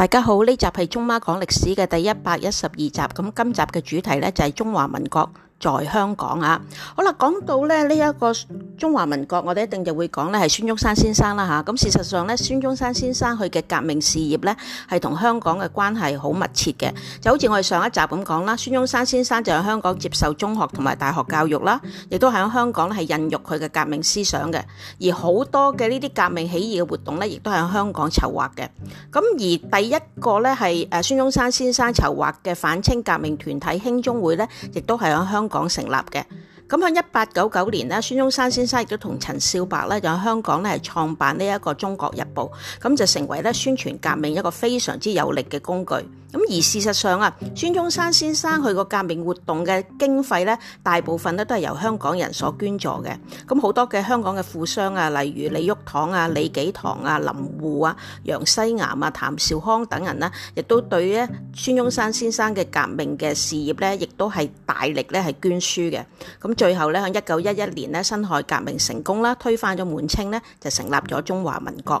大家好，呢集係中媽講歷史嘅第一百一十二集，咁今集嘅主題咧就係、是、中華民國在香港啊，好啦，講到咧呢一個。中華民國我哋一定就會講咧，係孫中山先生啦吓。咁事實上咧，孫中山先生佢嘅革命事業咧，係同香港嘅關係好密切嘅。就好似我哋上一集咁講啦，孫中山先生就喺香港接受中學同埋大學教育啦，亦都係喺香港呢係孕育佢嘅革命思想嘅。而好多嘅呢啲革命起義嘅活動咧，亦都係喺香港籌劃嘅。咁而第一個咧係誒孫中山先生籌劃嘅反清革命團體興中會咧，亦都係喺香港成立嘅。咁喺一八九九年呢，孫中山先生亦都同陳少白呢就喺香港呢係創辦呢一個《中國日報》，咁就成為呢宣傳革命一個非常之有力嘅工具。咁而事實上啊，孫中山先生佢個革命活動嘅經費咧，大部分咧都係由香港人所捐助嘅。咁好多嘅香港嘅富商啊，例如李玉堂啊、李紀堂啊、林護啊、楊西岩啊、譚兆康等人啦，亦都對咧孫中山先生嘅革命嘅事業咧，亦都係大力咧係捐書嘅。咁最後咧，喺一九一一年咧，辛亥革命成功啦，推翻咗滿清咧，就成立咗中華民國。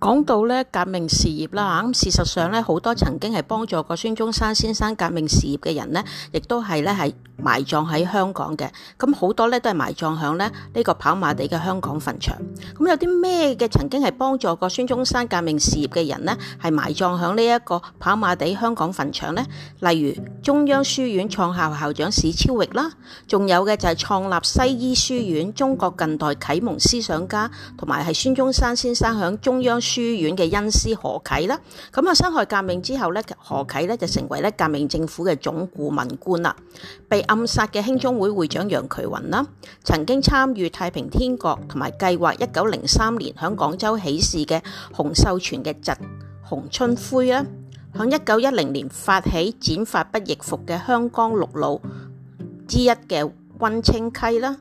講到咧革命事業啦，咁事實上咧好多曾經係幫助過孫中山先生革命事業嘅人咧，亦都係咧係埋葬喺香港嘅。咁好多咧都係埋葬響咧呢個跑馬地嘅香港墳場。咁有啲咩嘅曾經係幫助過孫中山革命事業嘅人咧，係埋葬響呢一個跑馬地香港墳場咧？例如中央書院創校校長史釗域啦，仲有嘅就係創立西醫書院、中國近代啟蒙思想家同埋係孫中山先生響中央書書院嘅恩師何啟啦，咁啊辛亥革命之後咧，何啟咧就成為咧革命政府嘅總顧問官啦。被暗殺嘅興中會會長楊衢雲啦，曾經參與太平天國同埋計劃一九零三年響廣州起事嘅洪秀全嘅侄洪春魁啦，響一九一零年發起剪髮不易服嘅香江六老之一嘅溫清溪啦。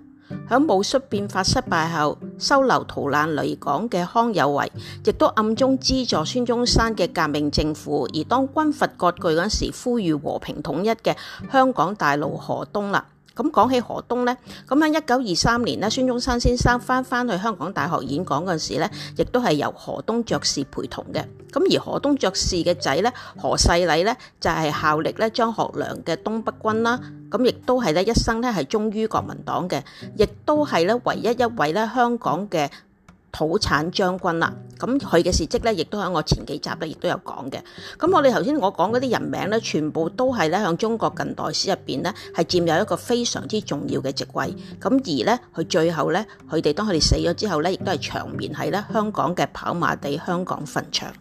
喺戊戌變法失敗後，收留逃難嚟港嘅康有為，亦都暗中資助孫中山嘅革命政府，而當軍閥割據嗰陣時，呼籲和平統一嘅香港大佬何東啦。咁講起何東咧，咁喺一九二三年咧，孫中山先生翻翻去香港大學演講嗰時咧，亦都係由何東爵士陪同嘅。咁而何東爵士嘅仔咧，何世禮咧就係效力咧張學良嘅東北軍啦。咁亦都係咧一生咧係忠於國民黨嘅，亦都係咧唯一一位咧香港嘅。土產將軍啦，咁佢嘅事蹟咧，亦都喺我前幾集咧，亦都有講嘅。咁我哋頭先我講嗰啲人名咧，全部都係咧向中國近代史入邊咧，係佔有一個非常之重要嘅席位。咁而咧，佢最後咧，佢哋當佢哋死咗之後咧，亦都係長眠喺咧香港嘅跑馬地香港墳場。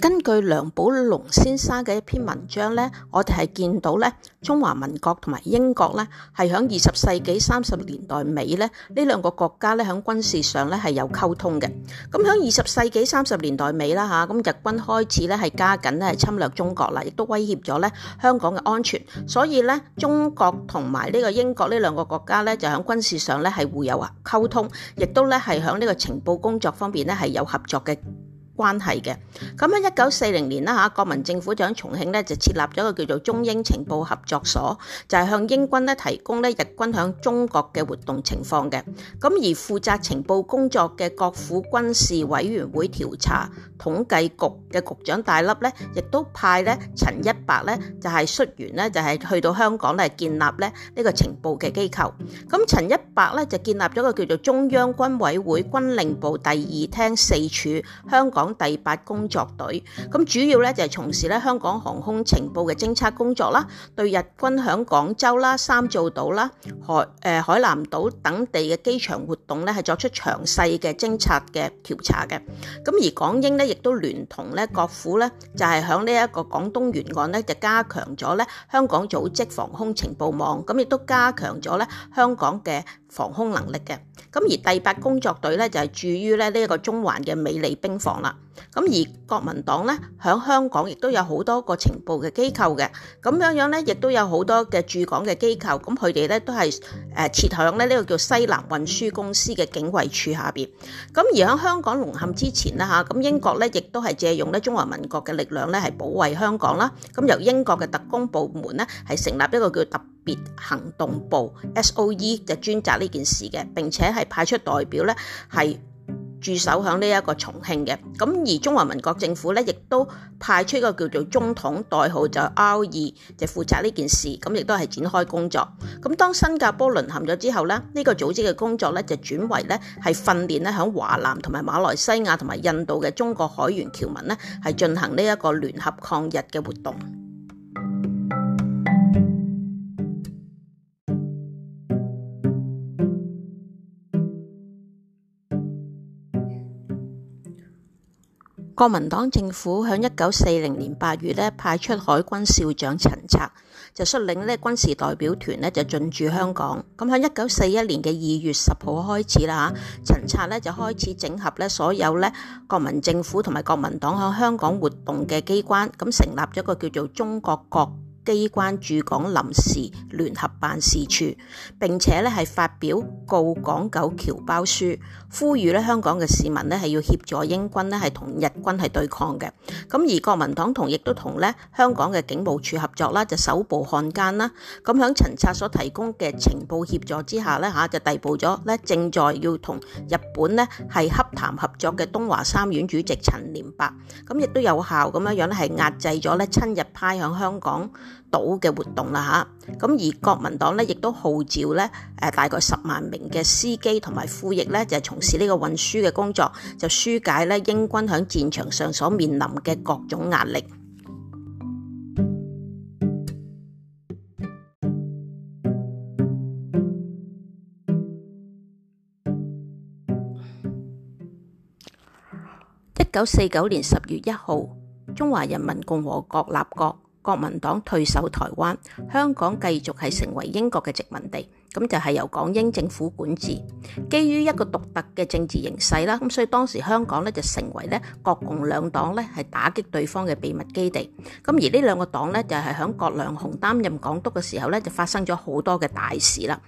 根據梁寶龍先生嘅一篇文章咧，我哋係見到咧，中華民國同埋英國咧，係喺二十世紀三十年代尾咧，呢兩個國家咧喺軍事上咧係有溝通嘅。咁喺二十世紀三十年代尾啦吓，咁日軍開始咧係加緊咧係侵略中國啦，亦都威脅咗咧香港嘅安全。所以咧，中國同埋呢個英國呢兩個國家咧，就喺軍事上咧係互有溝通，亦都咧係喺呢個情報工作方面咧係有合作嘅。關係嘅，咁喺一九四零年啦吓，國民政府喺重慶咧就設立咗個叫做中英情報合作所，就係向英軍咧提供咧日軍響中國嘅活動情況嘅。咁而負責情報工作嘅國府軍事委員會調查統計局嘅局長戴笠咧，亦都派咧陳一白咧，就係率員咧就係去到香港咧建立咧呢個情報嘅機構，咁陳一白咧就建立咗個叫做中央軍委會軍令部第二廳四處香港第八工作隊，咁主要咧就係從事咧香港航空情報嘅偵察工作啦，對日軍響廣州啦、三灶島啦、海誒、呃、海南島等地嘅機場活動咧係作出詳細嘅偵察嘅調查嘅。咁而港英呢，亦都聯同咧國府咧，就係響呢一個廣東沿岸咧就加強咗咧香港組織防空情報網，咁亦都加強咗咧香港嘅。防空能力嘅，咁而第八工作隊咧就係駐於咧呢一個中環嘅美利兵房啦。咁而國民黨咧喺香港亦都有好多個情報嘅機構嘅，咁樣樣咧亦都有好多嘅駐港嘅機構，咁佢哋咧都係誒設響咧呢個叫西南運輸公司嘅警衛處下邊。咁而喺香港淪陷之前咧嚇，咁英國咧亦都係借用咧中華民國嘅力量咧係保衞香港啦。咁由英國嘅特工部門咧係成立一個叫特別行動部 （S.O.E.） 就專責呢件事嘅，並且係派出代表咧係。是駐守喺呢一個重慶嘅，咁而中華民國政府咧，亦都派出一個叫做中統代號就 R 二，就負責呢件事，咁亦都係展開工作。咁當新加坡淪陷咗之後咧，呢個組織嘅工作咧就轉為咧係訓練咧喺華南同埋馬來西亞同埋印度嘅中國海員僑民咧，係進行呢一個聯合抗日嘅活動。國民黨政府喺一九四零年八月呢派出海軍少將陳策，就率領呢軍事代表團呢就進駐香港。咁喺一九四一年嘅二月十號開始啦吓，陳策呢就開始整合呢所有呢國民政府同埋國民黨喺香港活動嘅機關，咁成立咗個叫做中國國。機關駐港臨時聯合辦事處，並且咧係發表告港九僑胞書，呼籲咧香港嘅市民咧係要協助英軍咧係同日軍係對抗嘅。咁而國民黨同亦都同咧香港嘅警務處合作啦，就搜捕漢奸啦。咁喺陳策所提供嘅情報協助之下咧嚇，就逮捕咗咧正在要同日本咧係洽談合作嘅東華三院主席陳廉伯。咁亦都有效咁樣樣咧係壓制咗咧親日派向香港島嘅活動啦嚇，咁而國民黨呢，亦都號召呢誒，大概十萬名嘅司機同埋副役呢，就係從事呢個運輸嘅工作，就疏解呢英軍喺戰場上所面臨嘅各種壓力。一九四九年十月一號，中華人民共和國立國。國民黨退守台灣，香港繼續係成為英國嘅殖民地，咁就係由港英政府管治。基於一個獨特嘅政治形勢啦，咁所以當時香港咧就成為咧國共兩黨咧係打擊對方嘅秘密基地。咁而呢兩個黨咧就係響葛量洪擔任港督嘅時候咧就發生咗好多嘅大事啦。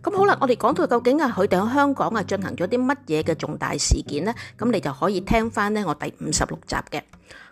咁好啦，我哋講到究竟啊佢哋喺香港啊進行咗啲乜嘢嘅重大事件呢？咁你就可以聽翻呢我第五十六集嘅。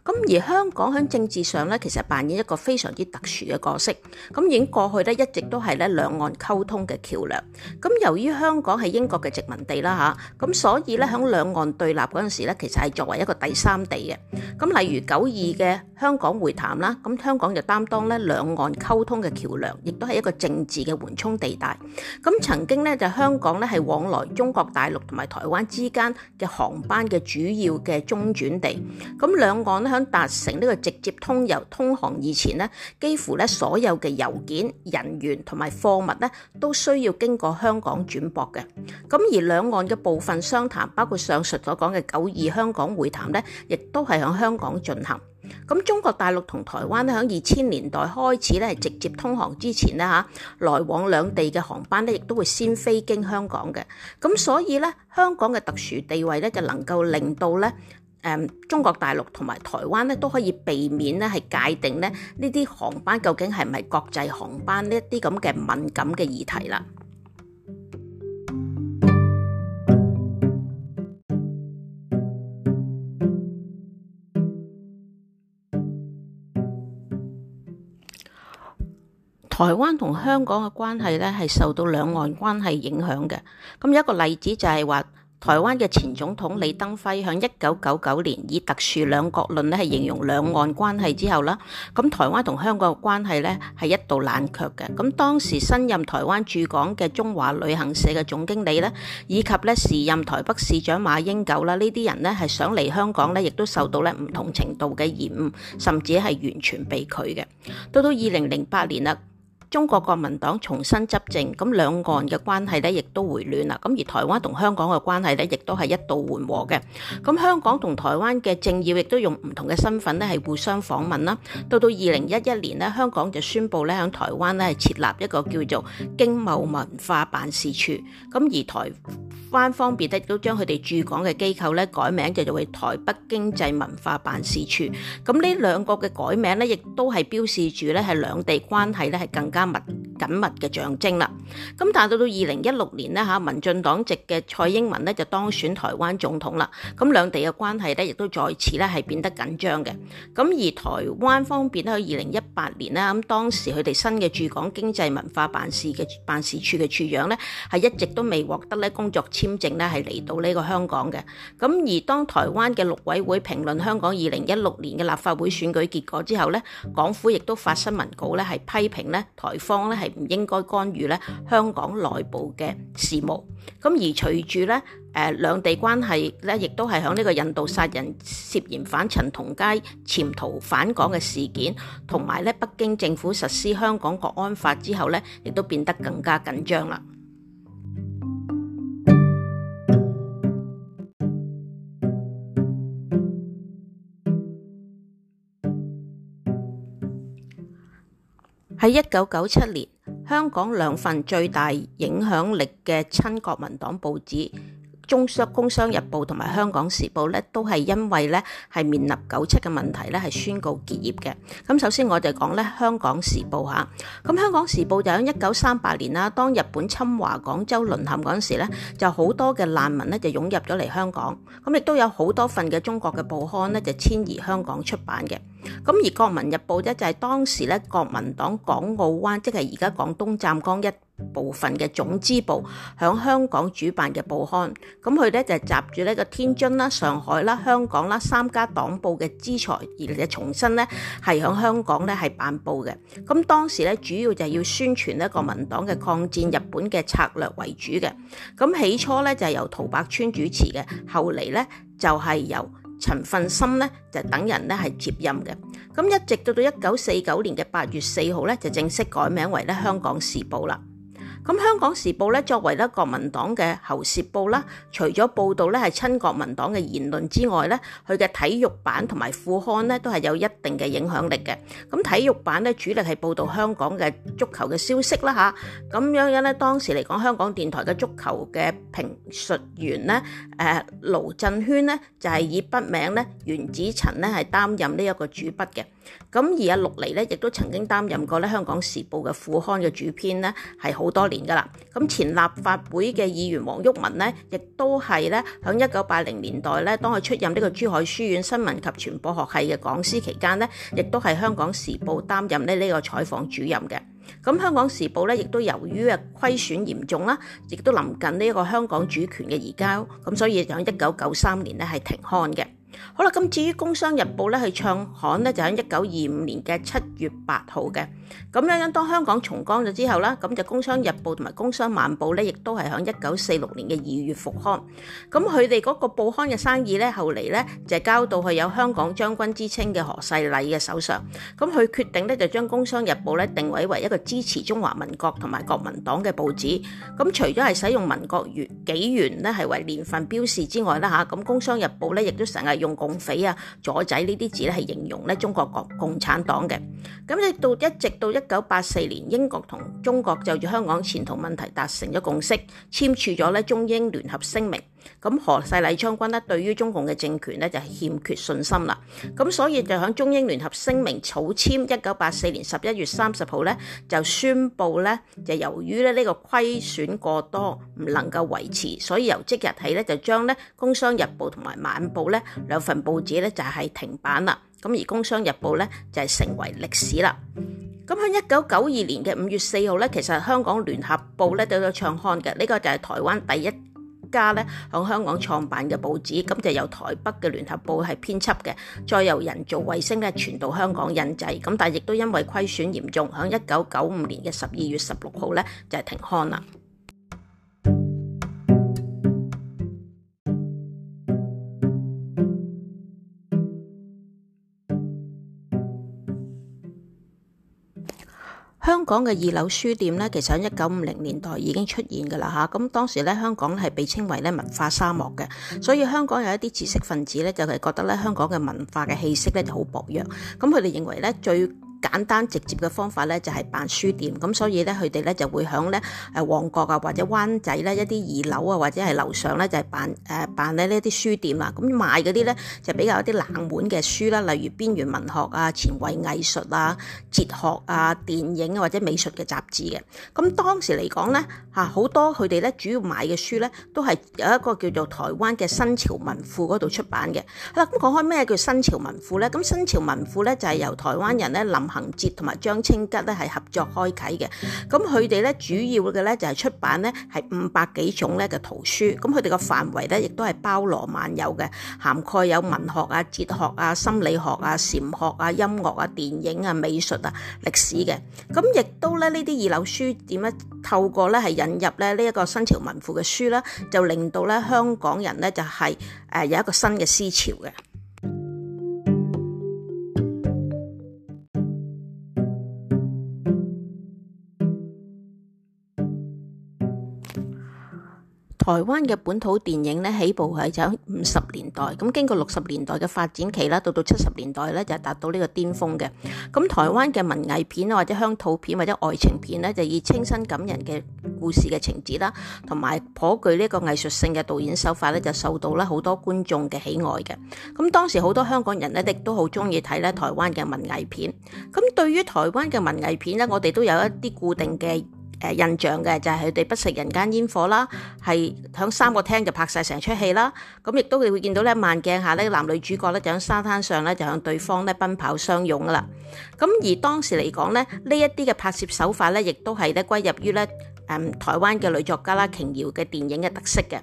咁而香港喺政治上呢，其實扮演一個非常之特殊嘅角色。咁已經過去呢，一直都係呢兩岸溝通嘅橋梁。咁由於香港係英國嘅殖民地啦嚇，咁所以呢，喺兩岸對立嗰陣時呢，其實係作為一個第三地嘅。咁例如九二嘅。香港會談啦，咁香港就擔當咧兩岸溝通嘅橋梁，亦都係一個政治嘅緩衝地帶。咁曾經咧就香港咧係往來中國大陸同埋台灣之間嘅航班嘅主要嘅中轉地。咁兩岸咧響達成呢個直接通郵通航以前咧，幾乎咧所有嘅郵件、人員同埋貨物咧都需要經過香港轉駁嘅。咁而兩岸嘅部分商談，包括上述所講嘅九二香港會談咧，亦都係響香港進行。咁中國大陸同台灣咧喺二千年代開始咧係直接通航之前咧吓，來往兩地嘅航班咧亦都會先飛經香港嘅。咁所以咧，香港嘅特殊地位咧，就能夠令到咧，誒中國大陸同埋台灣咧都可以避免咧係界定咧呢啲航班究竟係唔係國際航班呢一啲咁嘅敏感嘅議題啦。台灣同香港嘅關係呢，係受到兩岸關係影響嘅。咁有一個例子就係話，台灣嘅前總統李登輝喺一九九九年以特殊兩國論呢，係形容兩岸關係之後啦。咁台灣同香港嘅關係呢係一度冷卻嘅。咁當時新任台灣駐港嘅中華旅行社嘅總經理呢，以及呢時任台北市長馬英九啦，呢啲人呢係想嚟香港呢，亦都受到呢唔同程度嘅嫌惡，甚至係完全被拒嘅。到到二零零八年啦。中國國民黨重新執政，咁兩岸嘅關係咧亦都回暖啦。咁而台灣同香港嘅關係咧，亦都係一度緩和嘅。咁香港同台灣嘅政要亦都用唔同嘅身份咧，係互相訪問啦。到到二零一一年咧，香港就宣布咧喺台灣咧係設立一個叫做經貿文化辦事處。咁而台灣方面咧亦都將佢哋駐港嘅機構咧改名叫做為台北經濟文化辦事處。咁呢兩個嘅改名咧，亦都係標示住咧係兩地關係咧係更加緊密密嘅象徵啦，咁但係到到二零一六年呢，嚇，民進黨籍嘅蔡英文呢，就當選台灣總統啦，咁兩地嘅關係呢，亦都再次呢係變得緊張嘅，咁而台灣方面呢，喺二零一八年呢，咁當時佢哋新嘅駐港經濟文化辦事嘅辦事處嘅處長呢，係一直都未獲得呢工作簽證呢，係嚟到呢個香港嘅，咁而當台灣嘅陸委會評論香港二零一六年嘅立法會選舉結果之後呢，港府亦都發新聞稿呢，係批評呢。台。台方咧係唔應該干預咧香港內部嘅事務。咁而隨住咧誒兩地關係咧，亦都係響呢個引渡殺人涉嫌犯陳同佳潛逃返港嘅事件，同埋咧北京政府實施香港國安法之後咧，亦都變得更加緊張啦。喺一九九七年，香港兩份最大影響力嘅親國民黨報紙《中商工商日報》同埋《香港時報》咧，都係因為咧係面臨九七嘅問題咧，係宣告結業嘅。噉首先我哋講咧，《香港時報》吓，噉《香港時報》就喺一九三八年啦，當日本侵華、廣州淪陷嗰時咧，就好多嘅難民咧就湧入咗嚟香港，噉亦都有好多份嘅中國嘅報刊咧就遷移香港出版嘅。咁而《國民日報》咧就係當時咧國民黨港澳灣，即係而家廣東湛江一部分嘅總支部，響香港主辦嘅報刊。咁佢咧就集住呢個天津啦、上海啦、香港啦三家黨報嘅資材，而嚟重新咧係響香港咧係辦報嘅。咁當時咧主要就係要宣傳咧國民黨嘅抗戰日本嘅策略為主嘅。咁起初咧就係由陶百川主持嘅，後嚟咧就係由陳奮森咧就等人咧係接任嘅，咁一直到到一九四九年嘅八月四號咧就正式改名為咧香港時報啦。咁《香港時報》呢，作為咧國民黨嘅喉舌報啦，除咗報道咧係親國民黨嘅言論之外呢，佢嘅體育版同埋副刊呢都係有一定嘅影響力嘅。咁體育版呢，主力係報道香港嘅足球嘅消息啦嚇。咁樣因呢，當時嚟講，香港電台嘅足球嘅評述員呢，誒盧振軒咧就係以筆名呢，袁子塵呢係擔任呢一個主筆嘅。咁而阿陸離咧，亦都曾經擔任過咧《香港時報》嘅副刊嘅主編咧，係好多年噶啦。咁前立法會嘅議員黃毓民咧，亦都係咧響一九八零年代咧，當佢出任呢個珠海書院新聞及傳播學系嘅講師期間咧，亦都係《香港時報》擔任呢呢個採訪主任嘅。咁《香港時報》咧，亦都由於啊虧損嚴重啦，亦都臨近呢一個香港主權嘅移交，咁所以響一九九三年咧係停刊嘅。好啦，咁至於《工商日報》呢咧，係創刊咧，就喺一九二五年嘅七月八號嘅。咁樣樣，當香港重光咗之後啦，咁就《工商日報》同埋《工商晚報》咧，亦都係喺一九四六年嘅二月復刊。咁佢哋嗰個報刊嘅生意咧，後嚟咧就交到係有香港將軍之稱嘅何世禮嘅手上。咁佢決定咧，就將《工商日報》呢咧定位為一個支持中華民國同埋國民黨嘅報紙。咁除咗係使用民國月紀元咧係為年份標示之外啦，嚇咁《工商日報》呢咧亦都成日用。共匪啊，左仔呢啲字咧係形容中國共產黨嘅。咁直到一直到一九八四年，英國同中國就住香港前途問題達成咗共識，簽署咗呢中英聯合聲明。咁何世禮將軍咧，對於中共嘅政權咧就係欠缺信心啦。咁所以就喺中英聯合聲明草簽一九八四年十一月三十號呢就宣布呢，就由於咧呢個虧損過多，唔能夠維持，所以由即日起呢就將呢《工商日報》同埋《晚報》呢兩份報紙呢就係停版啦。咁而《工商日報》呢就係成為歷史啦。咁喺一九九二年嘅五月四號呢，其實香港聯合報呢都有創刊嘅，呢個就係台灣第一家咧喺香港創辦嘅報紙，咁就由台北嘅聯合報系編輯嘅，再由人造衛星咧傳到香港印製，咁但係亦都因為虧損嚴重，喺一九九五年嘅十二月十六號咧就係停刊啦。香港嘅二樓書店咧，其實喺一九五零年代已經出現㗎喇吓，咁當時咧香港咧係被稱為咧文化沙漠嘅，所以香港有一啲知識分子咧就係覺得咧香港嘅文化嘅氣息咧就好薄弱，咁佢哋認為咧最。簡單直接嘅方法咧，就係辦書店。咁所以咧，佢哋咧就會喺咧誒旺角啊，或者灣仔咧一啲二樓啊，或者係樓上咧就係辦誒辦咧呢一啲書店啦。咁賣嗰啲咧就比較一啲冷門嘅書啦，例如邊緣文學啊、前衛藝術啊、哲學啊、電影或者美術嘅雜誌嘅。咁當時嚟講咧嚇好多佢哋咧主要買嘅書咧都係有一個叫做台灣嘅新潮文庫嗰度出版嘅。係啦，咁講開咩叫新潮文庫咧？咁新潮文庫咧就係由台灣人咧林衡哲同埋張清吉咧係合作開啟嘅，咁佢哋咧主要嘅咧就係出版咧係五百幾種咧嘅圖書，咁佢哋個範圍咧亦都係包羅萬有嘅，涵蓋有文學啊、哲學啊、心理學啊、禪學啊、音樂啊、電影啊、美術啊、歷史嘅，咁亦都咧呢啲二樓書點樣透過咧係引入咧呢一個新潮文庫嘅書咧，就令到咧香港人咧就係誒有一個新嘅思潮嘅。台灣嘅本土電影咧起步係就喺五十年代，咁經過六十年代嘅發展期啦，到到七十年代咧就達到呢個巔峰嘅。咁台灣嘅文藝片或者鄉土片或者愛情片咧，就以清新感人嘅故事嘅情節啦，同埋頗具呢個藝術性嘅導演手法咧，就受到咧好多觀眾嘅喜愛嘅。咁當時好多香港人咧亦都好中意睇咧台灣嘅文藝片。咁對於台灣嘅文藝片咧，我哋都有一啲固定嘅印象嘅就係佢哋不食人間煙火啦，係響三個廳就拍晒成出戲啦。咁亦都佢哋會見到咧，慢鏡下咧男女主角咧喺沙灘上咧就向對方咧奔跑相擁㗎喇。咁而當時嚟講咧，呢一啲嘅拍攝手法咧，亦都係咧歸入於咧。台灣嘅女作家啦，瓊瑤嘅電影嘅特色嘅，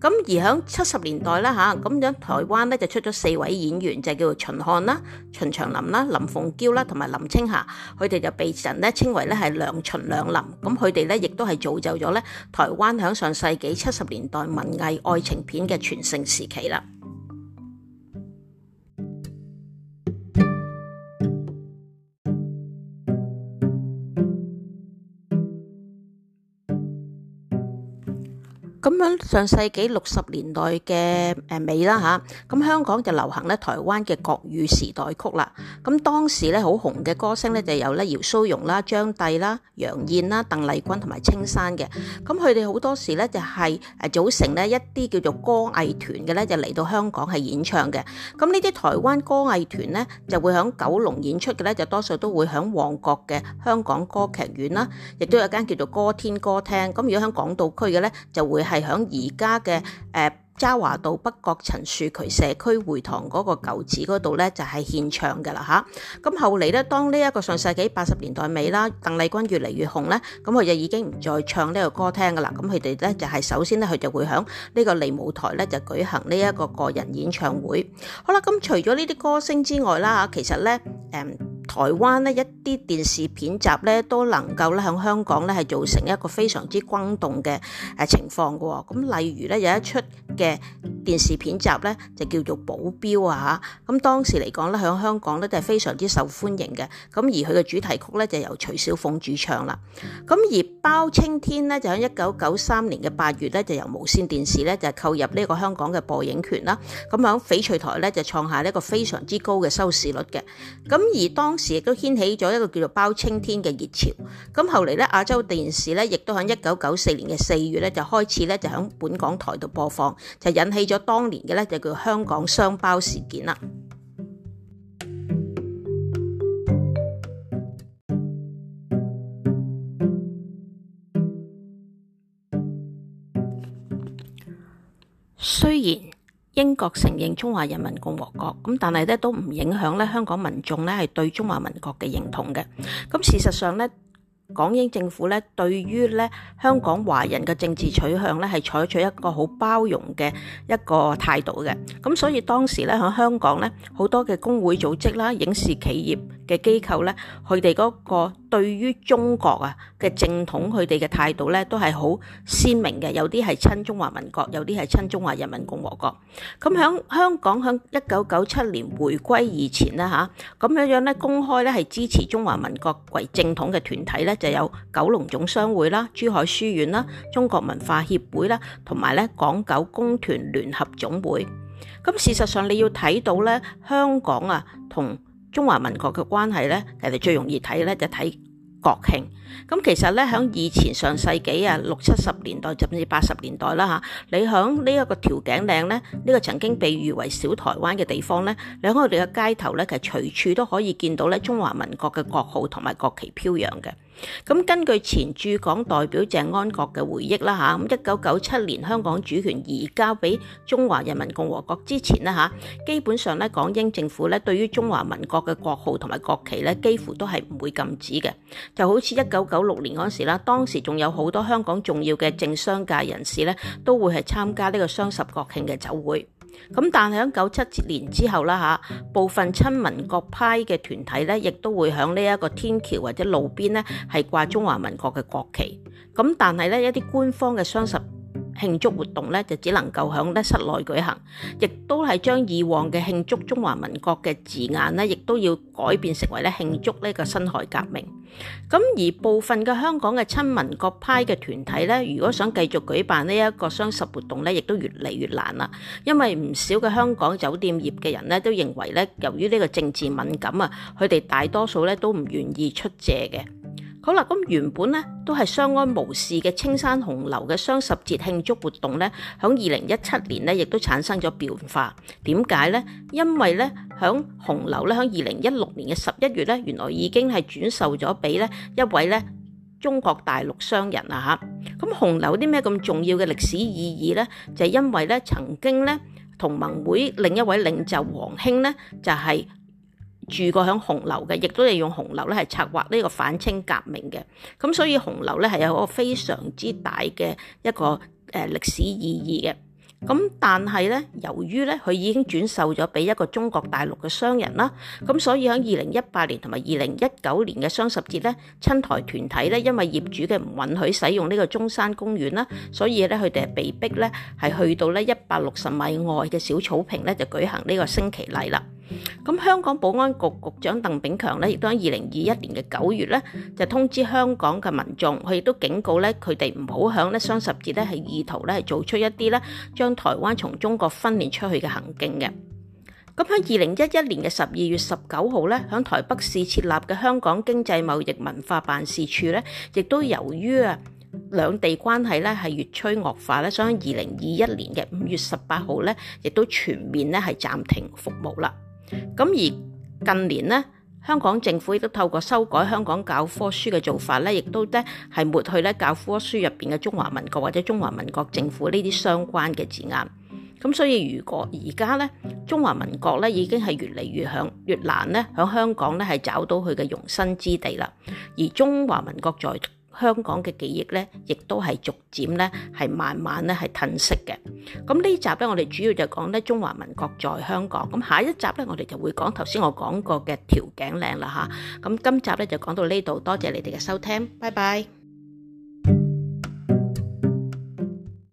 咁而喺七十年代啦嚇，咁樣台灣咧就出咗四位演員，就叫做秦漢啦、秦祥林啦、林鳳嬌啦同埋林青霞，佢哋就被人咧稱為咧係兩秦兩林，咁佢哋咧亦都係造就咗咧台灣喺上世紀七十年代文藝愛情片嘅全盛時期啦。上世紀六十年代嘅誒尾啦嚇，咁香港就流行咧台灣嘅國語時代曲啦。咁當時咧好紅嘅歌星咧就有咧姚蘇蓉啦、張帝啦、楊燕啦、鄧麗君同埋青山嘅。咁佢哋好多時咧就係誒組成咧一啲叫做歌藝團嘅咧，就嚟到香港係演唱嘅。咁呢啲台灣歌藝團咧就會喺九龍演出嘅咧，就多數都會喺旺角嘅香港歌劇院啦，亦都有一間叫做歌天歌廳。咁如果喺港島區嘅咧，就會係而家嘅，誒，嗯嗯渣華道北角陳樹渠社區會堂嗰個舊址嗰度咧，就係獻唱嘅啦吓，咁後嚟咧，當呢一個上世紀八十年代尾啦，鄧麗君越嚟越紅咧，咁佢就已經唔再唱呢個歌廳嘅啦。咁佢哋咧就係首先咧，佢就會喺呢個利舞台咧就舉行呢一個個人演唱會。好啦，咁除咗呢啲歌星之外啦，其實咧，誒台灣咧一啲電視片集咧都能夠咧喺香港咧係造成一個非常之轟動嘅誒情況嘅喎。咁例如咧有一齣。嘅電視片集呢，就叫做《保鏢》啊！咁當時嚟講咧，喺香港咧就係非常之受歡迎嘅。咁而佢嘅主題曲咧就由徐小鳳主唱啦。咁而《包青天》呢，就喺一九九三年嘅八月咧就由無線電視咧就購入呢個香港嘅播映權啦。咁喺翡翠台咧就創下呢個非常之高嘅收視率嘅。咁而當時亦都掀起咗一個叫做《包青天》嘅熱潮。咁後嚟咧亞洲電視咧亦都喺一九九四年嘅四月咧就開始咧就喺本港台度播放。就引起咗當年嘅呢，就叫香港雙胞事件啦。雖然英國承認中華人民共和國，咁但係呢，都唔影響呢，香港民眾呢係對中華民國嘅認同嘅。咁事實上呢。港英政府咧對於咧香港華人嘅政治取向咧係採取一個好包容嘅一個態度嘅，咁所以當時咧喺香港咧好多嘅工會組織啦、影視企業、嘅機構咧，佢哋嗰個對於中國啊嘅正統，佢哋嘅態度咧都係好鮮明嘅。有啲係親中華民國，有啲係親中華人民共和國。咁喺香港喺一九九七年回歸以前啦吓，咁樣樣咧公開咧係支持中華民國為正統嘅團體咧，就有九龍總商會啦、珠海書院啦、中國文化協會啦，同埋咧港九工團聯合總會。咁事實上你要睇到咧，香港啊同中華民國嘅關係咧，其實最容易睇咧就睇國慶。咁其實咧喺以前上世紀啊六七十年代甚至八十年代啦嚇，你喺呢一個調景嶺咧，呢個曾經被譽為小台灣嘅地方咧，你喺我哋嘅街頭咧，其實隨處都可以見到咧，中華民國嘅國號同埋國旗飄揚嘅。咁根據前駐港代表鄭安國嘅回憶啦嚇，一九九七年香港主權移交俾中華人民共和國之前咧嚇，基本上咧港英政府咧對於中華民國嘅國號同埋國旗咧幾乎都係唔會禁止嘅，就好似一九九六年嗰時啦，當時仲有好多香港重要嘅政商界人士咧都會係參加呢個雙十國慶嘅酒會。咁但係喺九七接年之後啦吓，部分親民國派嘅團體咧，亦都會喺呢一個天橋或者路邊咧，係掛中華民國嘅國旗。咁但係咧，一啲官方嘅雙十。慶祝活動咧就只能夠喺咧室內舉行，亦都係將以往嘅慶祝中華民國嘅字眼咧，亦都要改變成為咧慶祝呢個辛亥革命。咁而部分嘅香港嘅親民國派嘅團體咧，如果想繼續舉辦呢一個雙十活動咧，亦都越嚟越難啦，因為唔少嘅香港酒店業嘅人咧都認為咧，由於呢個政治敏感啊，佢哋大多數咧都唔願意出借嘅。好啦，咁原本呢都係相安無事嘅青山紅樓嘅雙十節慶祝活動咧，響二零一七年咧亦都產生咗變化。點解咧？因為咧響紅樓咧響二零一六年嘅十一月咧，原來已經係轉售咗俾咧一位咧中國大陸商人啦吓，咁紅樓有啲咩咁重要嘅歷史意義咧？就係、是、因為咧曾經咧同盟會另一位領袖黃興咧就係、是。住過響紅樓嘅，亦都係用紅樓嚟策劃呢個反清革命嘅，咁所以紅樓呢係有一個非常之大嘅一個誒歷史意義嘅。咁但係咧，由於咧佢已經轉售咗俾一個中國大陸嘅商人啦，咁所以喺二零一八年同埋二零一九年嘅雙十節咧，親台團體咧，因為業主嘅唔允許使用呢個中山公園啦，所以咧佢哋係被逼咧係去到咧一百六十米外嘅小草坪咧就舉行呢個升旗禮啦。咁香港保安局局長鄧炳強咧，亦都喺二零二一年嘅九月咧就通知香港嘅民眾，佢亦都警告咧佢哋唔好喺呢雙十節咧係意圖咧係做出一啲咧將台灣從中國分離出去嘅行徑嘅，咁喺二零一一年嘅十二月十九號咧，喺台北市設立嘅香港經濟貿易文化辦事處咧，亦都由於啊兩地關係咧係越趨惡化咧，所以二零二一年嘅五月十八號咧，亦都全面咧係暫停服務啦。咁而近年呢。香港政府亦都透過修改香港教科書嘅做法咧，亦都咧係抹去咧教科書入面嘅中華民國或者中華民國政府呢啲相關嘅字眼。咁所以如果而家咧，中華民國咧已經係越嚟越響，越難咧喺香港咧係找到佢嘅容身之地啦。而中華民國在香港嘅記憶呢，亦都係逐漸呢，係慢慢呢，係褪色嘅。咁呢集呢，我哋主要就講呢，中華民國在香港，下一集呢，我哋就會講頭先我講過嘅調景嶺啦，吓，咁今集呢，就講到呢度，多謝你哋嘅收聽，拜拜。